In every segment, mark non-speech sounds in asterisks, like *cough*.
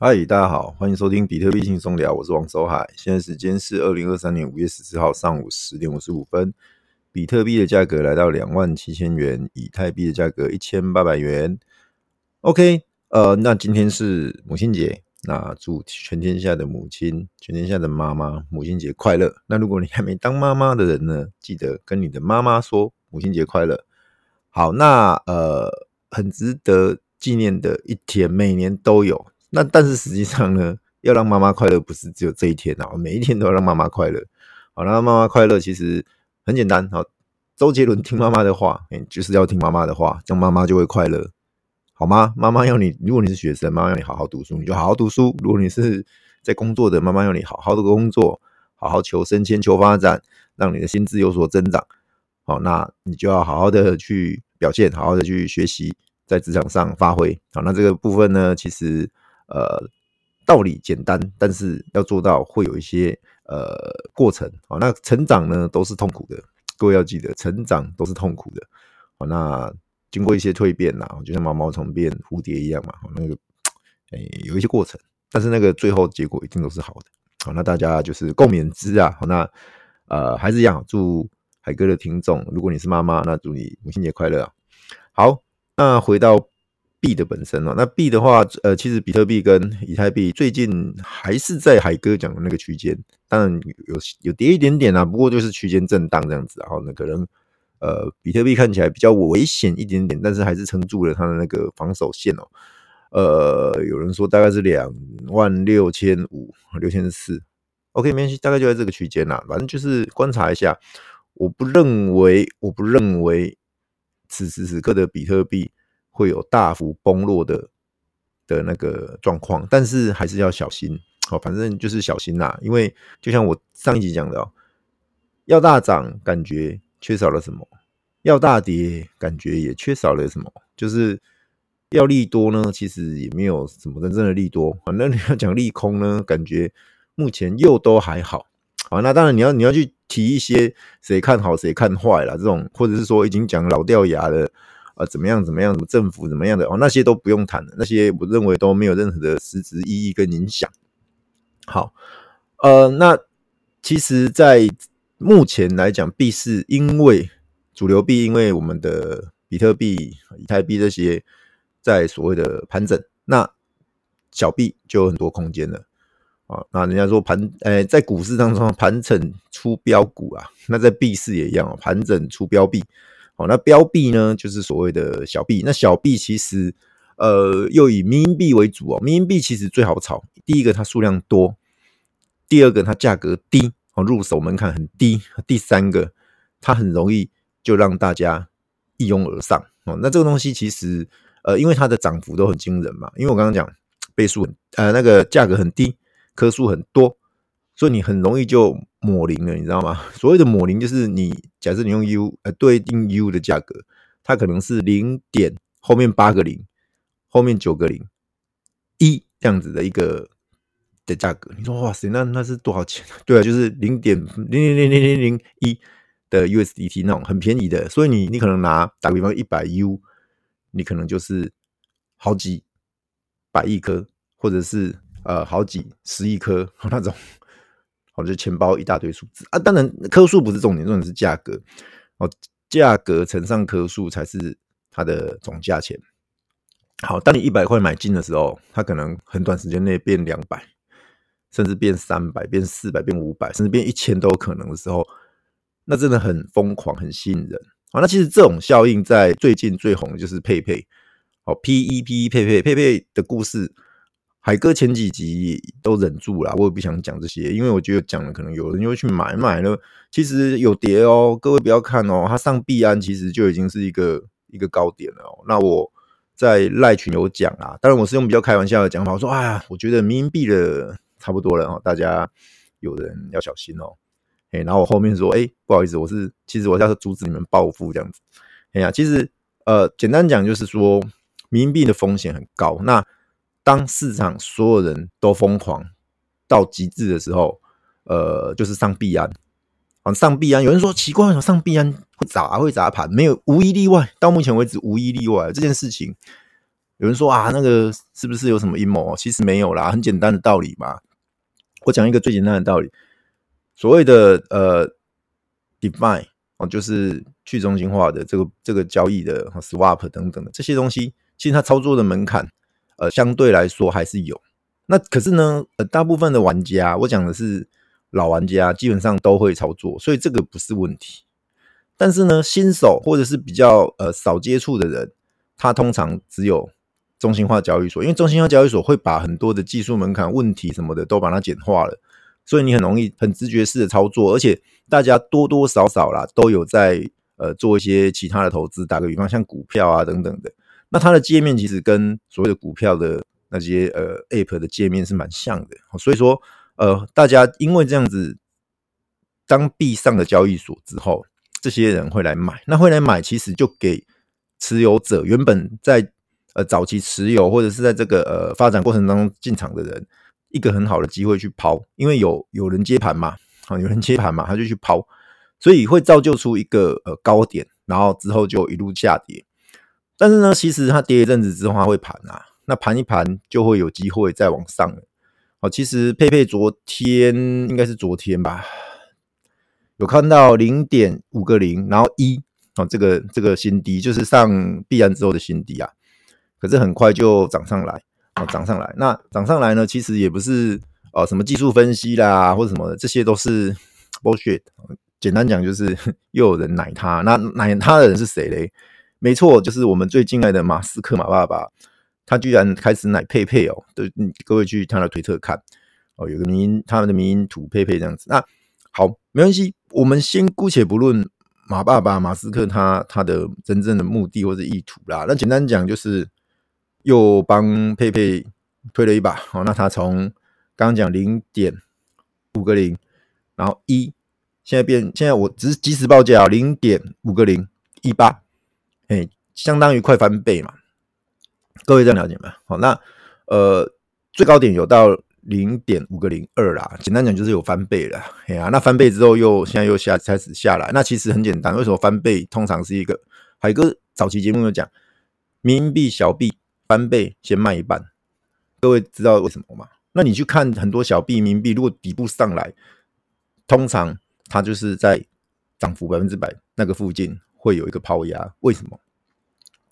嗨，大家好，歡迎收聽比特幣輕鬆聊，我是王守海。現在時間是二零二三年五月十四號上午十點五十五分，比特幣的價格來到兩萬七千元，以太幣的價格一千八百元。OK，呃，那今天是母親節，那祝全天下的母親、全天下的媽媽母親節快樂。那如果你還沒當媽媽的人呢，記得跟你的媽媽說母親節快樂。好，那呃，很值得紀念的一天，每年都有。那但是實際上呢，要讓媽媽快樂不是只有這一天啊，每一天都要讓媽媽快樂。好，讓媽媽快樂其實很簡單啊。周杰倫聽媽媽的話誒，就是要聽媽媽的話，這樣媽媽就會快樂，好嗎？媽媽要你，如果你是學生，媽媽要你好好讀書，你就好好讀書；如果你是在工作的，媽媽要你好好的工作，好好求升遷、求發展，讓你的心智有所增長。好，那你就要好好的去表現，好好的去學習，在職場上發揮。好，那這個部分呢，其實。呃，道理簡單，但是要做到會有一些呃過程啊、哦。那成長呢都是痛苦的，各位要記得，成長都是痛苦的。好、哦，那經過一些蛻變吶、啊，就像毛毛蟲變蝴蝶一樣嘛，哦、那個哎、欸、有一些過程，但是那個最後結果一定都是好的。好、哦，那大家就是共勉之啊。好、哦，那呃還是一樣，祝海哥的聽眾，如果你是媽媽，那祝你母親節快樂、啊、好，那回到。幣的本身哦，那幣的話，呃，其實比特幣跟以太幣最近還是在海哥講的那個區間，當然有有跌一點點啦、啊，不過就是區間震盪這樣子。然後呢，可能呃，比特幣看起來比較危險一點點，但是還是撐住了它的那個防守線哦。呃，有人說大概是兩萬六千五、六千四，OK，沒關係，大概就在這個區間吶、啊。反正就是觀察一下，我不認為，我不認為此時此刻的比特幣。會有大幅崩落的的那個狀況，但是還是要小心哦。反正就是小心啦，因為就像我上一集講的哦，要大漲感覺缺少了什麼，要大跌感覺也缺少了什麼，就是要利多呢，其實也沒有什麼真正的利多。反正你要講利空呢，感覺目前又都還好。好，那當然你要你要去提一些誰看好誰看壞啦這種，或者是說已經講老掉牙的。啊，怎麼樣？怎麼樣？怎麼政府怎麼樣的？哦，那些都不用談了，那些我認為都沒有任何的實質意義跟影響。好，呃，那其實，在目前來講，幣市因為主流幣，因為我們的比特幣、以太幣這些在所謂的盤整，那小幣就有很多空間了。啊，那人家說盤，呃、在股市當中盤整出飆股啊，那在幣市也一樣，哦，盤整出飆幣。哦，那標幣呢？就是所謂的小幣。那小幣其實，呃，又以迷因幣為主哦。迷因幣其實最好炒。第一個，它數量多；第二個，它價格低，哦，入手門檻很低；第三個，它很容易就讓大家一擁而上。哦，那這個東西其實，呃，因為它的漲幅都很驚人嘛。因為我剛剛講倍數很，呃，那個價格很低，顆數很多，所以你很容易就。抹零了，你知道嗎？所謂的抹零就是你，假設你用 U，呃，對應 U 的價格，它可能是零點後面八個零，後面九個零一這樣子的一個的價格。你說哇塞，那那是多少錢？對啊，就是零點零零零零零零一的 USDT 那種很便宜的，所以你你可能拿，打個比方一百 U，你可能就是好幾百億顆，或者是呃好幾十億顆那種。哦，就錢包一大堆數字啊，當然顆數不是重點，重點是價格哦，價格乘上顆數才是它的總價錢。好，當你一百塊買進的時候，它可能很短時間內變兩百，甚至變三百、變四百、變五百，甚至變一千都有可能的時候，那真的很瘋狂，很吸引人啊。那其實這種效應在最近最紅的就是佩佩哦，P E P E 佩佩佩佩的故事。海哥前幾集都忍住了，我也不想講這些，因為我覺得講了可能有人又去買買了，其實有跌哦、喔，各位不要看哦、喔，它上幣安其實就已經是一個一個高點了、喔。那我在賴群有講啊，當然我是用比較開玩笑的講法，我說啊，我覺得迷因幣的差不多了哦、喔，大家有人要小心哦、喔欸。然後我後面說，哎、欸，不好意思，我是其實我要阻止你們暴富這樣子。哎、欸、呀、啊，其實呃，簡單講就是說，迷因幣的風險很高，那。當市場所有人都瘋狂到極致的時候，呃，就是上幣安，啊，上幣安，有人說奇怪上幣安會砸、啊，會砸盤、啊，沒有，無一例外。到目前為止，無一例外這件事情，有人說啊，那個是不是有什麼陰謀？其實沒有啦，很簡單的道理嘛。我講一個最簡單的道理，所謂的呃，DeFi 哦、啊，就是去中心化的這個這個交易的、啊、swap 等等的這些東西，其實它操作的門檻。呃，相對來說還是有，那可是呢，呃，大部分的玩家，我講的是老玩家，基本上都會操作，所以這個不是問題。但是呢，新手或者是比較呃少接觸的人，他通常只有中心化交易所，因為中心化交易所會把很多的技術門檻問題什麼的都把它簡化了，所以你很容易很直覺式的操作，而且大家多多少少啦都有在呃做一些其他的投資，打個比方像股票啊等等的。那它的界面其實跟所謂的股票的那些呃 App 的界面是蠻像的。哦，所以說呃大家因為這樣子，當幣上了交易所之後，這些人會來買，那會來買，其實就給持有者原本在呃早期持有或者是在這個呃發展過程當中進場的人一個很好的機會去拋，因為有有人接盤嘛，啊、哦、有人接盤嘛，他就去拋，所以會造就出一個呃高點，然後之後就一路下跌。但是呢，其實它跌一陣子之後，它會盤啊。那盤一盤，就會有機會再往上了。好、哦，其實佩佩昨天應該是昨天吧，有看到零點五個零，然後一哦，這個這個新低就是上幣安之後的新低啊。可是很快就漲上來啊，漲、哦、上來。那漲上來呢，其實也不是、呃、什麼技術分析啦，或者什麼的，這些都是 bullshit。簡單講就是又有人奶他。那奶他的人是誰嘞？沒錯，就是我們最敬愛的馬斯克馬爸爸，他居然開始奶佩佩哦！對，各位去他的推特看哦，有個迷因他們的迷因圖佩佩這樣子。那好，沒關係，我們先姑且不論馬爸爸馬斯克他他的真正的目的或是意圖啦。那簡單講，就是又幫佩佩推了一把哦。那他從剛，剛講零點五個零，然後一，現在變現在我只是即時報價零點五個零一八，相當於快翻倍嘛？各位這樣了解嗎？好、哦，那呃最高點有到零點五個零二啦。簡單講就是有翻倍了。哎呀、啊，那翻倍之後又現在又下開始下來。那其實很簡單，為什麼翻倍通常是一個海哥早期節目有講，迷因幣小幣翻倍先賣一半，各位知道為什麼嗎？那你去看很多小幣迷因幣，如果底部上來，通常它就是在漲幅百分之百那個附近會有一個拋壓，為什麼？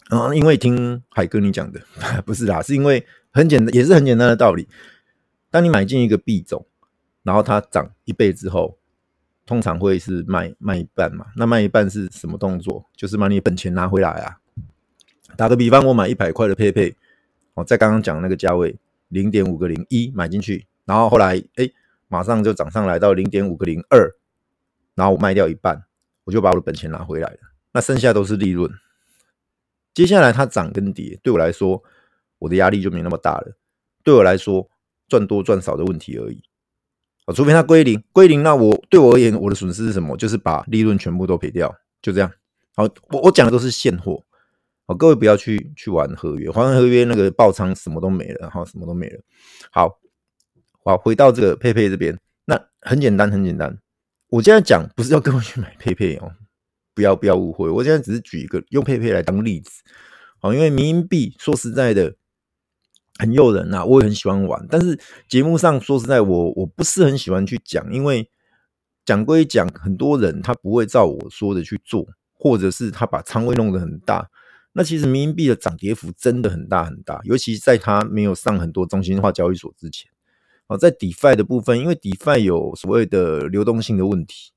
啊、嗯，因為聽海哥你講的不是啦，是因為很簡單，也是很簡單的道理。當你買進一個幣種，然後它漲一倍之後，通常會是賣賣一半嘛。那賣一半是什麼動作？就是把你本錢拿回來啊。打個比方，我買一百塊的佩佩，哦，在剛剛講的那個價位零點五個零一買進去，然後後來哎馬上就漲上來到零點五個零二，然後我賣掉一半，我就把我的本錢拿回來了。那剩下都是利潤。接下來它漲跟跌，對我來說，我的壓力就沒那麼大了。對我來說，賺多賺少的問題而已。啊、哦，除非它歸零，歸零那我對我而言，我的損失是什麼？就是把利潤全部都賠掉，就這樣。好，我我講的都是現貨。好、哦，各位不要去去玩合約，玩合約那個爆倉什麼都沒了，然、哦、後什麼都沒了。好，我好，回到這個佩佩這邊，那很簡單，很簡單。我現在講不是要各位去買佩佩哦。不要不要誤會，我現在只是舉一個用佩佩來當例子，啊，因為迷因幣說實在的很誘人吶，啊，我也很喜歡玩。但是節目上說實在我，我我不是很喜歡去講，因為講歸講，很多人他不會照我說的去做，或者是他把倉位弄得很大。那其實迷因幣的漲跌幅真的很大很大，尤其在他沒有上很多中心化交易所之前，啊，在 DeFi 的部分，因為 DeFi 有所謂的流動性的問題。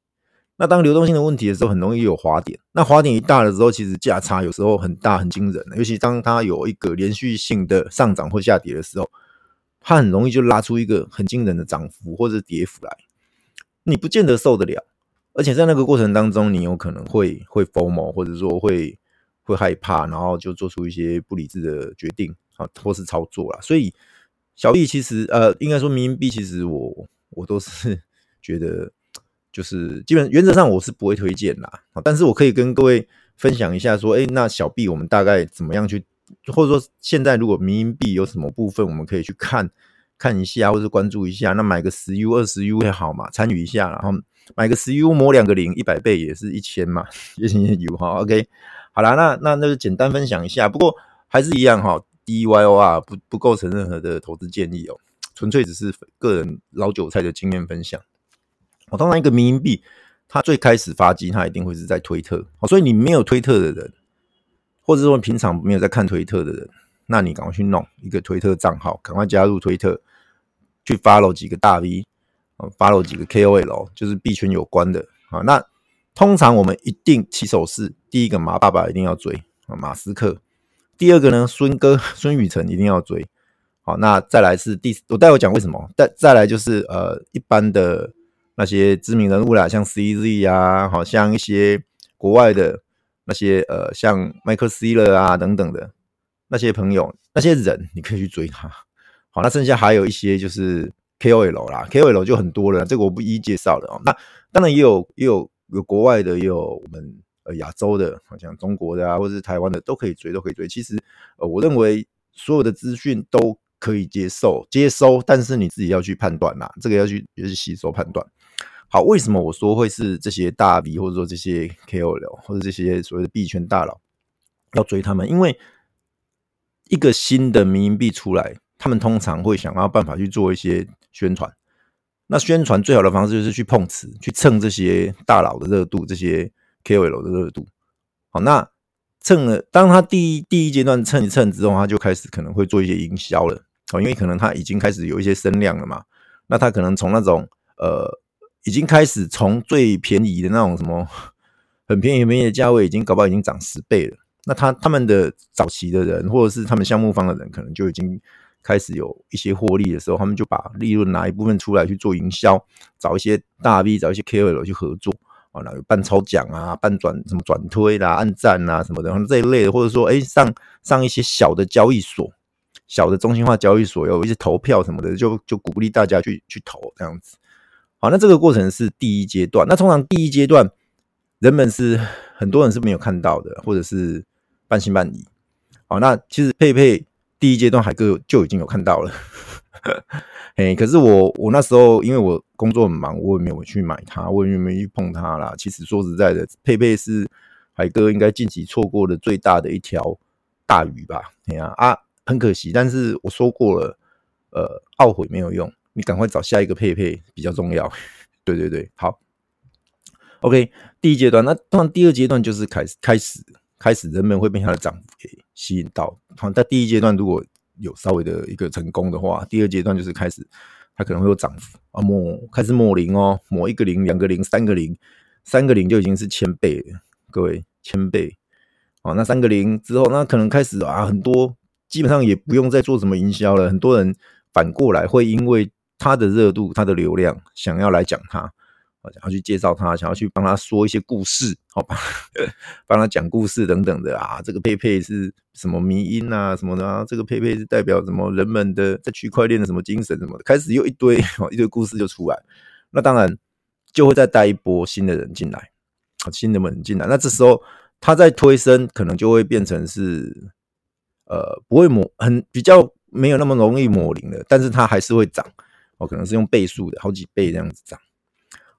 那當流動性的問題的時候，很容易有滑點。那滑點一大的時候，其實價差有時候很大，很驚人。尤其當它有一個連續性的上漲或下跌的時候，它很容易就拉出一個很驚人的漲幅或者跌幅來，你不見得受得了。而且在那個過程當中，你有可能會會 FOMO，或者說會會害怕，然後就做出一些不理智的決定啊，或是操作啦。所以，小幣其實呃，應該說，迷因幣其實我我都是覺得。就是基本原則上我是不會推薦啦，但是我可以跟各位分享一下，說，哎、欸，那小幣我們大概怎麼樣去，或者說現在如果迷因幣有什麼部分我們可以去看看一下，或者關注一下，那買個十 U 二十 U 也好嘛，參與一下，然後買個十 U 磨兩個零，一百倍也是一千嘛，一千 U 哈，OK，好啦，那那那就簡單分享一下，不過還是一樣哈，喔，DYOR 不不構成任何的投資建議哦，喔，純粹只是個人老韭菜的經驗分享。我、哦、通常一個迷因幣，它最開始發跡，它一定會是在推特。好、哦，所以你沒有推特的人，或者是說平常沒有在看推特的人，那你趕快去弄一個推特賬號，趕快加入推特，去 follow 幾個大 V，哦、follow 幾個 KOL，就是幣圈有關的。啊、哦，那通常我們一定起手是第一個馬爸爸一定要追、哦、馬斯克。第二個呢，孫哥孫宇晨一定要追。好、哦，那再來是第，我待會講為什麼。再再來就是呃，一般的。那些知名人物啦，像 CZ 啊，好，像一些國外的那些呃，像麥克西勒啊等等的那些朋友，那些人你可以去追他。好，那剩下還有一些就是 KOL 啦，KOL 就很多了，這個我不一一介紹了哦。那當然也有也有有國外的，也有我們呃亞洲的，好，像中國的啊，或者是台灣的都可以追，都可以追。其實呃，我認為所有的資訊都。可以接受接收，但是你自己要去判斷啦、啊。這個要去要去吸收判斷。好，為什麼我說會是這些大 V 或者說這些 KOL 或者這些所謂的幣圈大佬要追他們？因為一個新的迷因幣出來，他們通常會想要辦法去做一些宣傳。那宣傳最好的方式就是去碰瓷，去蹭這些大佬的熱度，這些 KOL 的熱度。好，那蹭了，當他第一第一階段蹭一蹭之後，他就開始可能會做一些營銷了。哦，因為可能他已經開始有一些聲量了嘛，那他可能從那種呃，已經開始從最便宜的那種什麼很便宜很便宜的價位，已經搞不好已經漲十倍了。那他他們的早期的人，或者是他們項目方的人，可能就已經開始有一些獲利的時候，他們就把利潤拿一部分出來去做營銷，找一些大 V，找一些 KOL 去合作啊，後、哦、有辦抽獎啊，辦轉什麼轉推啦、啊、按讚啦、啊、什麼的，這一類的，或者說哎上上一些小的交易所。小的中心化交易所有一些投票什麼的就，就就鼓勵大家去去投這樣子。好，那這個過程是第一階段。那通常第一階段人，人們是很多人是沒有看到的，或者是半信半疑。好，那其實佩佩第一階段海哥就已經有看到了。 *laughs* 嘿，可是我我那時候因為我工作很忙，我也沒有去買它，我也沒有去碰它啦。其實說實在的，佩佩是海哥應該近期錯過的最大的一條大魚吧？你看啊。啊很可惜，但是我說過了，呃，懊悔沒有用，你趕快找下一個幣幣比較重要。 *laughs* 對對對，好，OK，第一階段，那當然第二階段就是開始開始開始，人們會被它的漲幅給吸引到。好，在第一階段如果有稍微的一個成功的話，第二階段就是開始，它可能會有漲幅啊，摸開始摸零哦，摸一個零、兩個零、三個零，三個零就已經是千倍了，各位千倍，啊那三個零之後，那可能開始啊很多。基本上也不用再做什麼營銷了。很多人反過來會因為他的熱度、他的流量，想要來講他，想要去介紹他，想要去幫他說一些故事，好、喔、吧，幫他講故事等等的啊。這個佩佩是什麼迷因啊，什麼的啊？這個佩佩是代表什麼人們的在區塊鏈的什麼精神什麼的，開始又一堆、喔、一堆故事就出來。那當然就會再帶一波新的人進來、啊，新的人進來。那這時候他在推升，可能就會變成是。呃，不會抹很比較沒有那麼容易抹零的，但是它還是會漲，哦，可能是用倍數的好幾倍這樣子漲。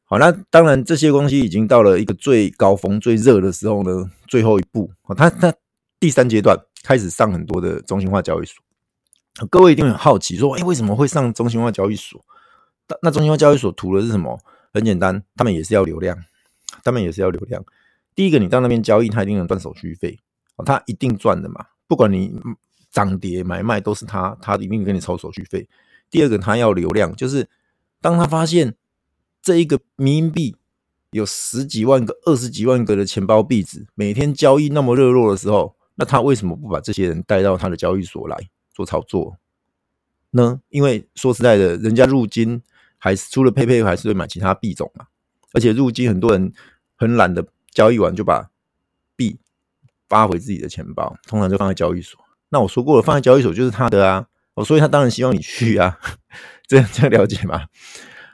好，那當然這些東西已經到了一個最高峰、最熱的時候呢，最後一步，哦，它它第三階段開始上很多的中心化交易所。哦、各位一定很好奇，說，哎、欸，為什麼會上中心化交易所？那那中心化交易所圖的是什麼？很簡單，他們也是要流量，他們也是要流量。第一個，你到那邊交易，它一定能賺手續費。他一定賺的嘛，不管你漲跌買賣都是他，他一定跟你收手續費。第二個，他要流量，就是當他發現這一個迷因幣有十幾萬個、二十幾萬個的錢包幣紙，每天交易那麼熱絡的時候，那他為什麼不把這些人帶到他的交易所來做操作呢？因為說實在的，人家入金還是除了佩佩還是會買其他幣種嘛，而且入金很多人很懶得交易完就把幣。發回自己的錢包，通常就放在交易所。那我說過了，放在交易所就是他的啊。我、哦、所以他當然希望你去啊， *laughs* 這樣這樣了解嗎？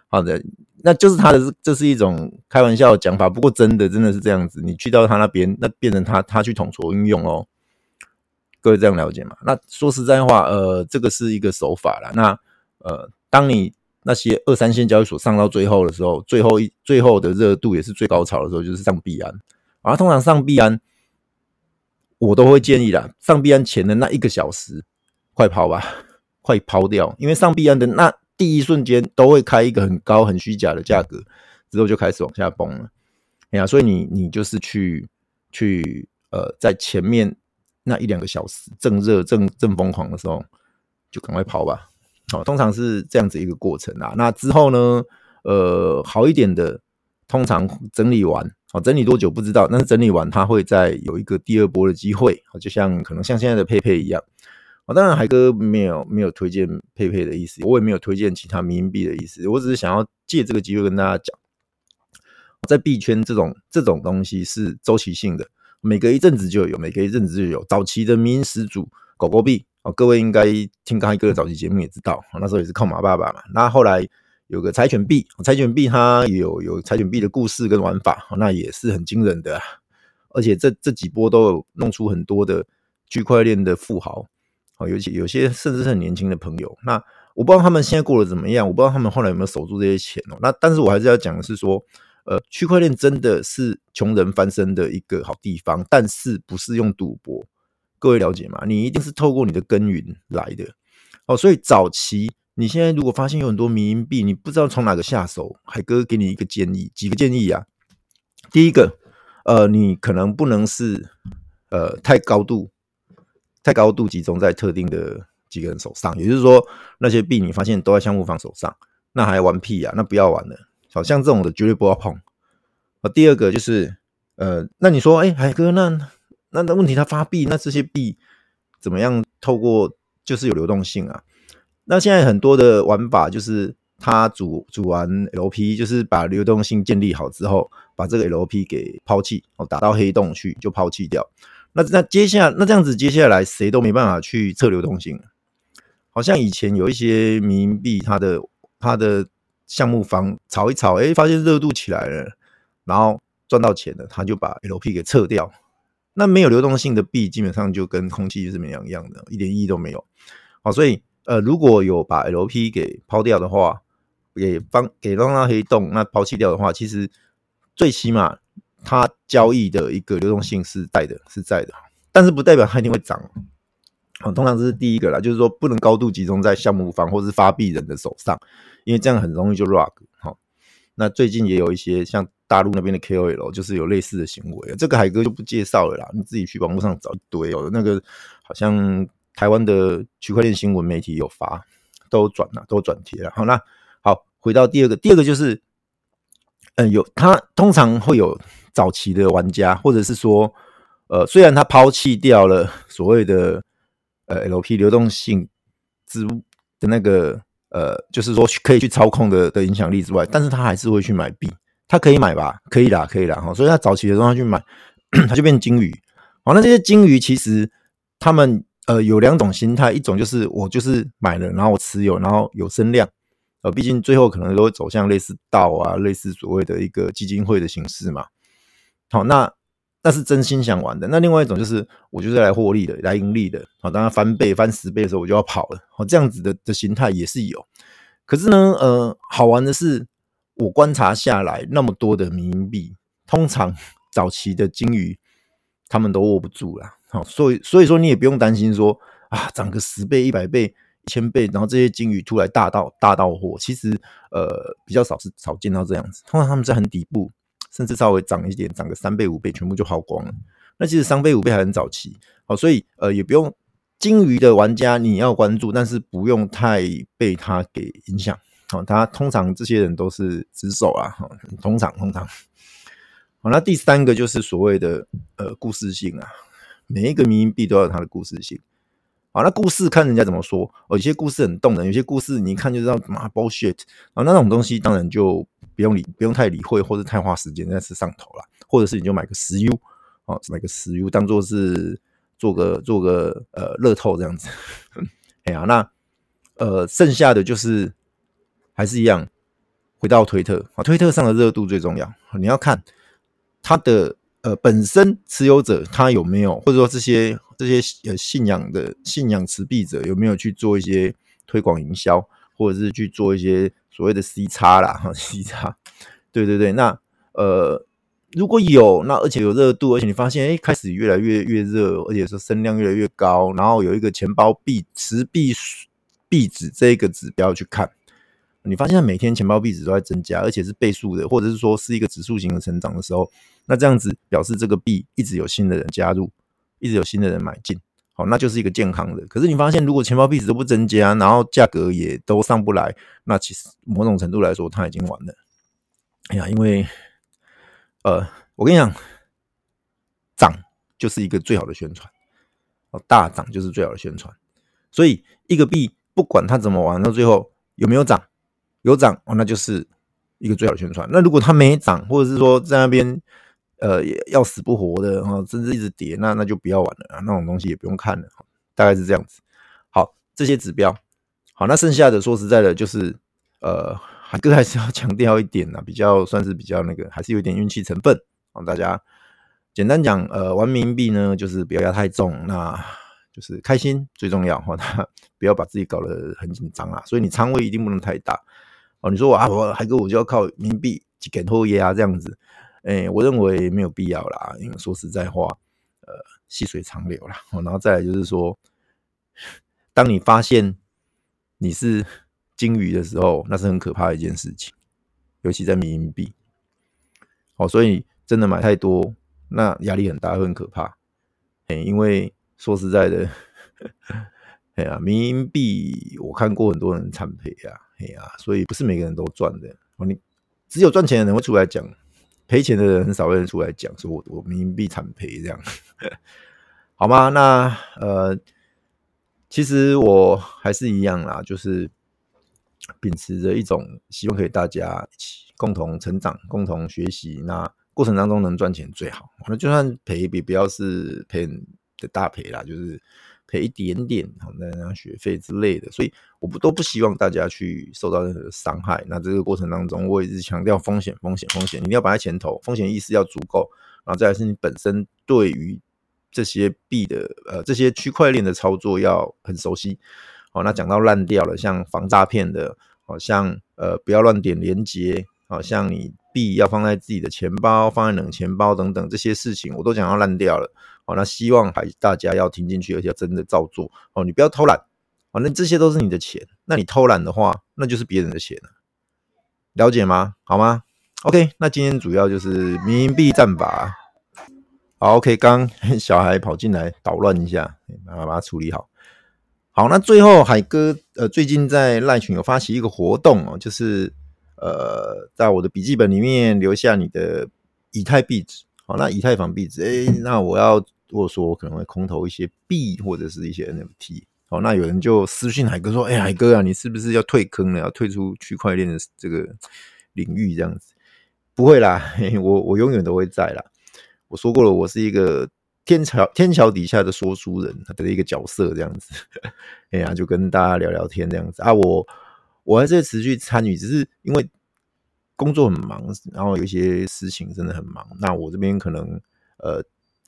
好的，那就是他的，這、就是一種開玩笑的講法。不過真的真的是這樣子，你去到他那邊，那變成他他去統籌運用哦。各位這樣了解嗎？那說實在話，呃，這個是一個手法啦。那呃，當你那些二三線交易所上到最後的時候，最後一最後的熱度也是最高潮的時候，就是上幣安。而、啊、通常上幣安。我都會建議啦，上幣安前的那一個小時，快拋吧，快拋掉，因為上幣安的那第一瞬間都會開一個很高很虛假的價格，之後就開始往下崩了。哎呀，所以你你就是去去呃，在前面那一兩個小時正熱正正瘋狂的時候，就趕快拋吧。哦，通常是這樣子一個過程啊。那之後呢，呃，好一點的，通常整理完。哦，整理多久不知道，但是整理完它會再有一個第二波的機會。就像可能像現在的佩佩一樣。啊，當然海哥沒有沒有推薦佩佩的意思，我也沒有推薦其他迷因幣的意思。我只是想要借這個機會跟大家講，在幣圈這種這種東西是周期性的，每隔一陣子就有，每隔一陣子就有早期的迷因始祖狗狗幣。啊，各位應該聽剛海哥的早期節目也知道，那時候也是靠馬爸爸嘛。那後來。有個柴犬幣，柴犬幣它也有有柴犬幣的故事跟玩法，哦，那也是很驚人的啊。而且這這幾波都有弄出很多的區塊鏈的富豪，哦，尤其有些甚至是很年輕的朋友。那我不知道他們現在過得怎麼樣，我不知道他們後來有沒有守住這些錢哦。那但是我還是要講的是說，呃，區塊鏈真的是窮人翻身的一個好地方，但是不是用賭博，各位了解嗎？你一定是透過你的耕耘來的哦，所以早期。你現在如果發現有很多迷因幣，你不知道從哪個下手，海哥給你一個建議，幾個建議啊。第一個，呃，你可能不能是，呃，太高度、太高度集中在特定的幾個人手上，也就是說，那些幣你發現都在項目方手上，那還玩屁呀、啊，那不要玩了。好，像這種的絕對不要碰。第二個就是，呃，那你說，哎，海哥，那那那問題他發幣，那這些幣怎麼樣透過就是有流動性啊？那現在很多的玩法就是，他組組完 LP，就是把流動性建立好之後，把這個 LP 給拋棄，哦，打到黑洞去就拋棄掉。那那接下來那這樣子，接下來誰都沒辦法去測流動性。好像以前有一些迷因幣，它的它的項目方炒一炒，哎、欸，發現熱度起來了，然後賺到錢了，他就把 LP 給撤掉。那沒有流動性的幣，基本上就跟空氣是沒一樣的，一點意義都沒有。好，所以。呃，如果有把 LP 給拋掉的話，給放給讓它黑洞，那拋棄掉的話，其實最起碼它交易的一個流動性是在的，是在的，但是不代表它一定會漲，哦。通常這是第一個啦，就是說不能高度集中在項目方或是發幣人的手上，因為這樣很容易就 rug。好，那最近也有一些像大陸那邊的 KOL，就是有類似的行為，這個海哥就不介紹了啦，你自己去網絡上找一堆哦，那個好像。台灣的區塊鏈新聞媒體有發，都轉了，都轉貼了。好，那好，回到第二個，第二個就是，嗯，有他通常會有早期的玩家，或者是說，呃，雖然他拋棄掉了所謂的呃 LP 流動性之物的那個呃，就是說可以去操控的的影響力之外，但是他還是會去買幣，他可以買吧，可以啦，可以啦，齁，所以他早期的時候他去買，他 *coughs* 就變鯨魚。好，那這些鯨魚其實他們。呃，有兩種心態，一種就是我就是買了，然後我持有，然後有增量，呃，畢竟最後可能都會走向類似道啊，類似所謂的一個基金會的形式嘛。好、哦，那那是真心想玩的。那另外一種就是我就是來獲利的，來盈利的。好、哦，當它翻倍、翻十倍的時候，我就要跑了。好、哦，這樣子的的心態也是有。可是呢，呃，好玩的是，我觀察下來，那麼多的迷因幣，通常早期的鯨魚他們都握不住了。好，所以所以說你也不用擔心說啊，漲個十倍、一百倍、一千倍，然後這些鯨魚突然大到大到貨，其實呃比較少是少見到這樣子，通常他們在很底部，甚至稍微漲一點，漲個三倍、五倍，全部就拋光了。那其實三倍、五倍還很早期。好，所以呃也不用鯨魚的玩家你要關注，但是不用太被他給影響。好、哦，他通常這些人都是紙手啊，哈、哦，通常通常。好，那第三個就是所謂的呃故事性啊。每一個迷因幣都有它的故事性，啊，那故事看人家怎麼說，哦，有些故事很動人，有些故事你一看就知道，啊 bullshit 啊，那種東西當然就不用理，不用太理會，或者太花時間在這上頭了，或者是你就買個 10U，哦、啊，買個 10U 當做是做個做個呃樂透這樣子，哎 *laughs* 呀、啊，那呃剩下的就是還是一樣，回到推特，推特上的熱度最重要，你要看它的。呃，本身持有者他有沒有，或者說這些這些呃信仰的信仰持幣者有沒有去做一些推廣營銷，或者是去做一些所謂的 C 差啦，哈，C 差，對對對，那呃，如果有，那而且有熱度，而且你發現哎，開始越來越越熱，而且說聲量越來越高，然後有一個錢包幣持幣幣值這個指標去看。你發現每天錢包幣值都在增加，而且是倍數的，或者是說是一個指數型的成長的時候，那這樣子表示這個幣一直有新的人加入，一直有新的人買進，好，那就是一個健康的。可是你發現如果錢包幣值都不增加，然後價格也都上不來，那其實某種程度來說它已經完了。哎呀，因為呃，我跟你講，漲就是一個最好的宣傳，哦，大漲就是最好的宣傳。所以一個幣不管它怎麼玩，到最後有沒有漲？有漲哦，那就是一個最好的宣傳。那如果它沒漲，或者是說在那邊呃要死不活的，甚、哦、至一直跌，那那就不要玩了、啊，那種東西也不用看了，大概是這樣子。好，這些指標，好，那剩下的說實在的，就是呃，哥還是要強調一點呢，比較算是比較那個，還是有一點運氣成分啊、哦。大家簡單講，呃，玩冥幣呢，就是不要壓太重，那就是開心最重要、哦、那不要把自己搞得很緊張啊。所以你倉位一定不能太大。哦、你說我啊，我還跟我就要靠迷因幣減拖耶啊，這樣子，哎、欸，我認為沒有必要啦。因為說實在話，呃，細水長流啦、哦。然後再來就是說，當你發現你是鯨魚的時候，那是很可怕的一件事情，尤其在迷因幣。哦，所以真的買太多，那壓力很大，很可怕。哎、欸，因為說實在的，嘿呀，迷因幣我看過很多人慘賠啊。哎呀，所以不是每個人都賺的。你只有賺錢的人會出來講，賠錢的人很少人出來講。說我我迷因幣慘賠這樣， *laughs* 好嗎？那呃，其實我還是一樣啦，就是秉持着一種希望，可以大家一起共同成長、共同學習。那過程當中能賺錢最好，那就算賠，也不要是賠的大賠啦，就是。賠一點點，好，那那學費之類的，所以我不都不希望大家去受到任何的傷害。那這個過程當中，我一直強調風險，風險，風險，一定要擺在前頭，風險意識要足夠，然後再來是你本身對於這些幣的，呃，這些區塊鏈的操作要很熟悉。好，那講到爛掉了，像防詐騙的，好像呃不要亂點鏈接，好像你。幣要放在自己的錢包，放在冷錢包等等這些事情，我都講要爛掉了。好、哦，那希望大家要聽進去，而且要真的照做。哦，你不要偷懶。反、哦、正這些都是你的錢，那你偷懶的話，那就是別人的錢。了解嗎？好嗎？OK，那今天主要就是迷因幣戰法。好，OK，剛小孩跑進來搗亂一下，麻煩把它處理好。好，那最後海哥呃，最近在賴群有發起一個活動哦，就是。呃，在我的筆記本裡面留下你的以太幣址。好，哦，那以太坊幣址，欸。那我要如果說我可能會空投一些幣或者是一些 NFT，好，哦，那有人就私信海哥說，哎，欸，海哥啊，你是不是要退坑了？要退出區塊鏈的這個領域這樣子？不會啦，欸，我我永遠都會在啦。我說過了，我是一個天橋天橋底下的說書人的一個角色這樣子，哎呀，欸，就跟大家聊聊天這樣子啊，我。我還是持續參與，只是因為工作很忙，然後有一些事情真的很忙。那我這邊可能呃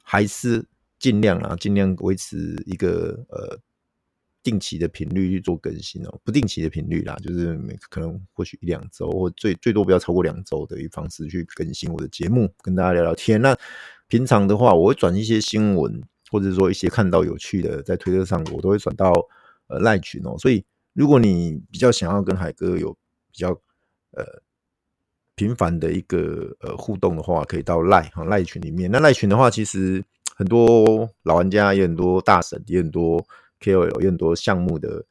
還是盡量啊，盡量維持一個呃定期的頻率去做更新哦，不定期的頻率啦，就是可能或許一兩週，或最最多不要超過兩週的一方式去更新我的節目，跟大家聊聊天。那平常的話，我會轉一些新聞，或者說一些看到有趣的，在推特上我都會轉到呃 Line 群哦，所以。如果你比較想要跟海哥有比較呃頻繁的一個呃互動的話，可以到賴哈賴群裡面。那賴群的話，其實很多老玩家，有很多大神，也有很多 KOL，有很多項目的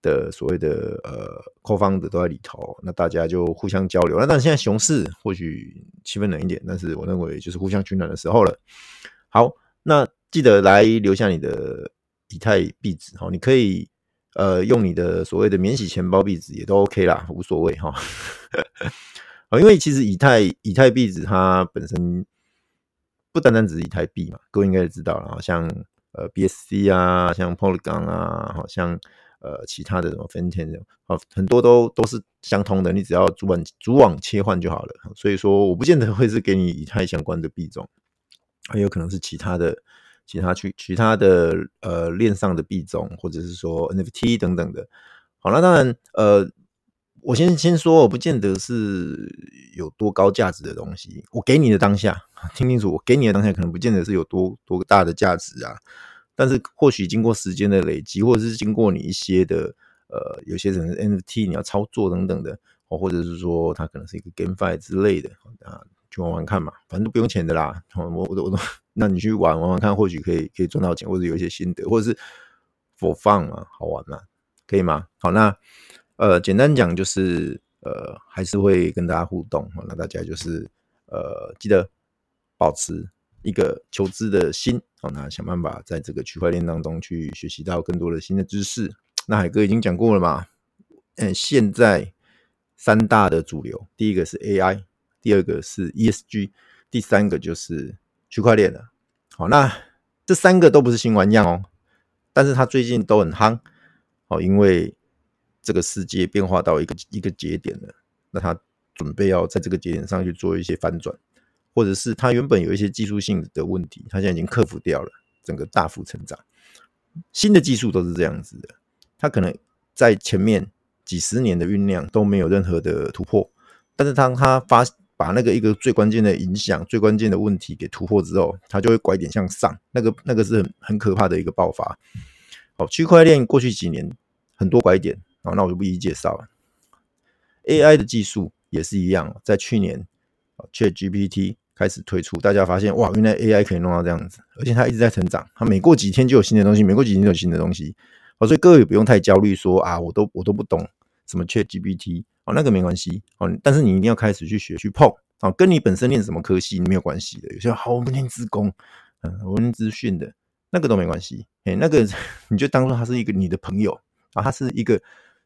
的所謂的呃扣方的都在裡頭。那大家就互相交流。那但是現在熊市，或許氣氛冷一點，但是我認為就是互相取暖的時候了。好，那記得來留下你的以太壁紙哦，你可以。呃，用你的所謂的免洗錢包地址也都 OK 啦，無所謂哈。啊，因為其實以太以太幣紙它本身不單單只是以太幣嘛，各位應該也知道了，像呃 BSC 啊，像 Polygon 啊，好像呃其他的什麼 Fantom 啊 an，很多都都是相通的，你只要主板主網切換就好了。所以說，我不見得會是給你以太相關的幣種，很有可能是其他的。其他去其他的，其他的呃鏈上的幣種，或者是說 NFT 等等的。好，那當然呃，我先先說，我不見得是有多高價值的東西。我給你的當下，聽清楚，我給你的當下可能不見得是有多多大的價值啊。但是或許經過時間的累積，或者是經過你一些的呃，有些人 NFT 你要操作等等的，哦，或者是說它可能是一個 GameFi 之類的啊，去玩玩看嘛，反正都不用錢的啦。我我我我。我都我都那你去玩玩玩看，或許可以可以賺到錢，或者有一些心得，或者是 for fun 嘛，好玩嘛，可以嗎？好，那呃，簡單講就是呃，還是會跟大家互動，那大家就是呃，記得保持一個求知的心哦。那想辦法在這個區塊鏈當中去學習到更多的新的知識。那海哥已經講過了嘛。嗯，現在三大的主流，第一個是 AI，第二個是 ESG，第三個就是。區塊鏈的，了好，那這三個都不是新玩意哦，但是它最近都很夯哦，因為這個世界變化到一個一個節點了，那它準備要在這個節點上去做一些翻轉，或者是它原本有一些技術性的問題，它現在已經克服掉了，整個大幅成長。新的技術都是這樣子的，它可能在前面幾十年的醞釀都沒有任何的突破，但是當它發把那個一個最關鍵的影響、最關鍵的問題給突破之後，它就會拐點向上。那個那個是很很可怕的一個爆發。好，哦，區塊鏈過去幾年很多拐點，啊，哦，那我就不一一介紹了。AI 的技術也是一樣，在去年啊，哦，ChatGPT 開始推出，大家發現哇，原來 AI 可以弄到這樣子，而且它一直在成長。它每過幾天就有新的東西，每過幾天就有新的東西。哦，所以各位不用太焦慮，說啊，我都我都不懂什麼 ChatGPT。哦，那個沒關係哦，但是你一定要開始去學去碰啊、哦，跟你本身念什麼科系沒有關係的。有些好，我們念資工，嗯，我們念資訊的，那個都沒關係。哎、欸，那個你就當做他是一個你的朋友啊，他是一個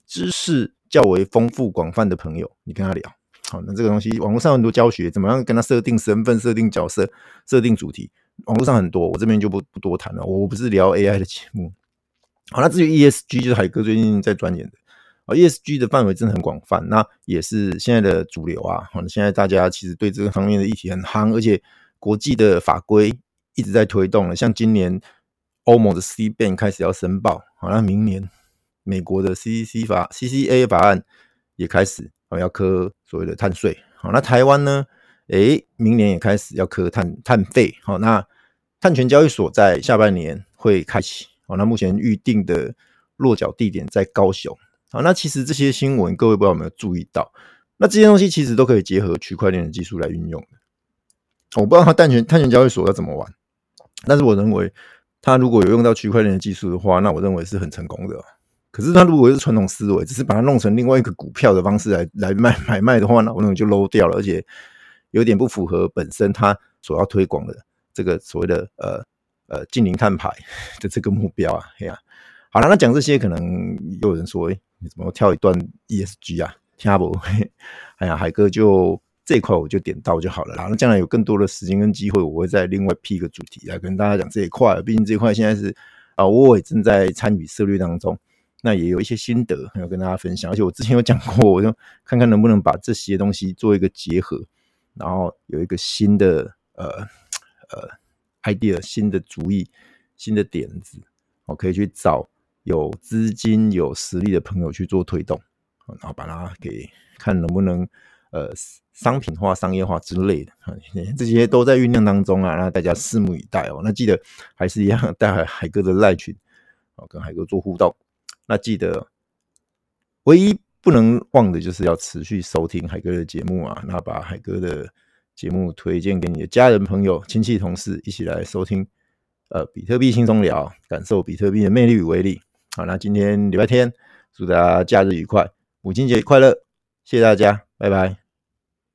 知識較為豐富廣泛的朋友，你跟他聊。好、哦，那這個東西，網絡上很多教學，怎麼樣跟他設定身份、設定角色、設定主題，網絡上很多，我這邊就不不多談了。我不是聊 AI 的節目。好、哦，那至於 ESG，就是海哥最近在鑽研的。而 ESG 的範圍真的很廣泛，那也是現在的主流啊。現在大家其實對這個方面的議題很夯，而且國際的法規一直在推動了。像今年歐盟的 C 盤開始要申報，好，那明年美國的 CCC 法、CCA 法案也開始，哦、要科所謂的碳稅。好，那台灣呢？誒、欸，明年也開始要科碳碳費。好，那碳權交易所在下半年會開啟。好，那目前預定的落腳地點在高雄。好，那其實這些新聞，各位不知道有沒有注意到？那這些東西其實都可以結合區塊鏈的技術來運用的。我不知道它碳權碳權交易所要怎麼玩，但是我認為它如果有用到區塊鏈的技術的話，那我認為是很成功的。可是它如果是傳統思維，只是把它弄成另外一個股票的方式來來賣買賣的話，那我認為就 low 掉了，而且有點不符合本身它所要推廣的這個所謂的呃呃近零碳排的這個目標啊。嘿呀、啊，好了，那講這些，可能又有人說。怎麼跳一段 ESG 啊？聽不？ *laughs* 哎呀，海哥就這一塊我就點到就好了啦。然後將來有更多的時間跟機會，我會再另外闢一個主題來跟大家講這一塊。畢竟這一塊現在是啊，呃、我，我也正在參與策略當中，那也有一些心得要跟大家分享。而且我之前有講過，我就看看能不能把這些東西做一個結合，然後有一個新的呃呃 idea，新的主意、新的點子，我、哦、可以去找，有資金、有實力的朋友去做推動，然後把它給看能不能呃商品化、商業化之類的，這些都在醞釀當中啊，那大家拭目以待哦。那記得還是一樣，帶海哥的賴群跟海哥做互動。那記得唯一不能忘的就是要持續收聽海哥的節目啊，那把海哥的節目推薦給你的家人、朋友、親戚、同事，一起來收聽呃比特幣輕鬆聊，感受比特幣的魅力與威力。好，那今天禮拜天，祝大家假日愉快，母親節快樂，謝謝大家，拜拜。